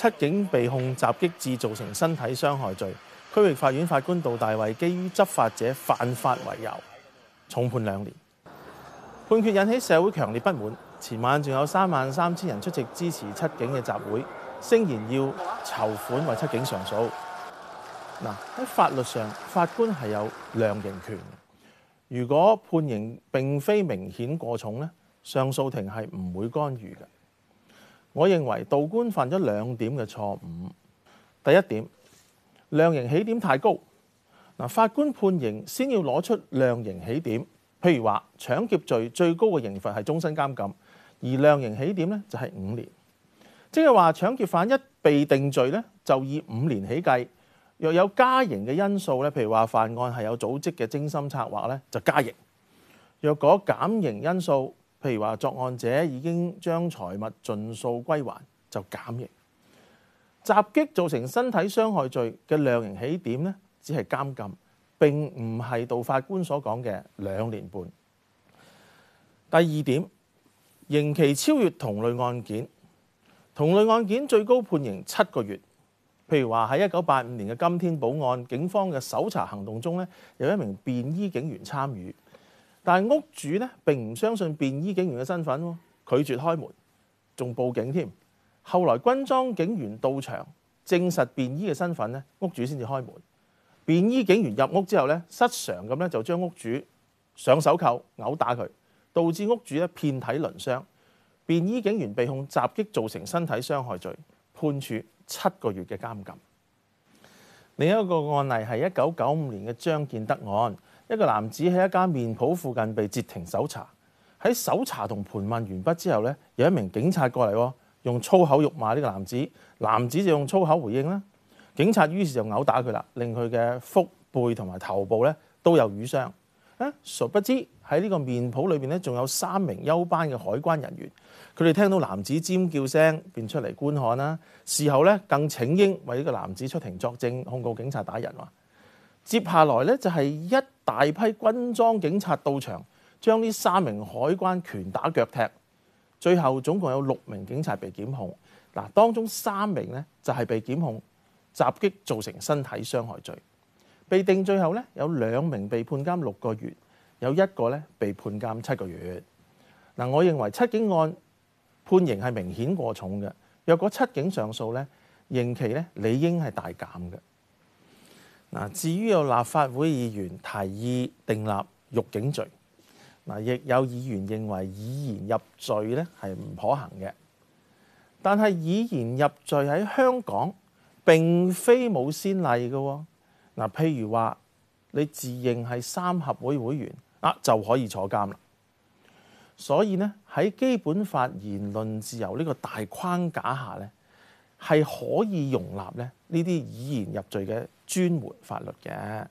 七警被控襲擊致造成身體傷害罪，區域法院法官杜大衛基於執法者犯法為由，重判兩年。判決引起社會強烈不滿，前晚仲有三萬三千人出席支持七警嘅集會，聲言要籌款為七警上訴。嗱，喺法律上，法官係有量刑權。如果判刑並非明顯過重呢，上訴庭係唔會干預嘅。我認為道官犯咗兩點嘅錯誤。第一點，量刑起點太高。嗱，法官判刑先要攞出量刑起點，譬如話搶劫罪最高嘅刑罰係終身監禁，而量刑起點咧就係五年。即係話搶劫犯一被定罪咧，就以五年起計。若有加刑嘅因素咧，譬如話犯案係有組織嘅精心策劃咧，就加刑。若果減刑因素。譬如話，作案者已經將財物盡數歸還，就減刑。襲擊造成身體傷害罪嘅量刑起點呢，只係監禁，並唔係道法官所講嘅兩年半。第二點，刑期超越同類案件，同類案件最高判刑七個月。譬如話喺一九八五年嘅今天保案，警方嘅搜查行動中呢，有一名便衣警員參與。但屋主咧並唔相信便衣警員嘅身份，拒絕開門，仲報警添。後來軍裝警員到場，證實便衣嘅身份咧，屋主先至開門。便衣警員入屋之後咧，失常咁咧就將屋主上手扣、毆打佢，導致屋主咧遍體鱗傷。便衣警員被控襲擊造成身體傷害罪，判處七個月嘅監禁。另一個案例係一九九五年嘅張建德案。一個男子喺一間麵鋪附近被截停搜查，喺搜查同盤問完畢之後咧，有一名警察過嚟喎，用粗口辱罵呢個男子，男子就用粗口回應啦。警察於是就毆打佢啦，令佢嘅腹背同埋頭部咧都有瘀傷。啊，殊不知喺呢個麵鋪裏邊咧，仲有三名休班嘅海關人員，佢哋聽到男子尖叫聲，便出嚟觀看啦。事後咧，更請纓為呢個男子出庭作證，控告警察打人。接下來咧就係一大批軍裝警察到場，將呢三名海關拳打腳踢。最後總共有六名警察被檢控，嗱，當中三名呢，就係被檢控襲擊造成身體傷害罪，被定罪後呢，有兩名被判監六個月，有一個呢被判監七個月。嗱，我認為七警案判刑係明顯過重嘅，若果七警上訴呢，刑期呢，理應係大減嘅。嗱，至於有立法會議員提議訂立辱警罪，嗱，亦有議員認為以言入罪咧係唔可行嘅。但係以言入罪喺香港並非冇先例嘅。嗱，譬如話你自認係三合會會員啊，就可以坐監啦。所以呢，喺基本法言論自由呢個大框架下咧，係可以容納咧呢啲以言入罪嘅專門法律嘅。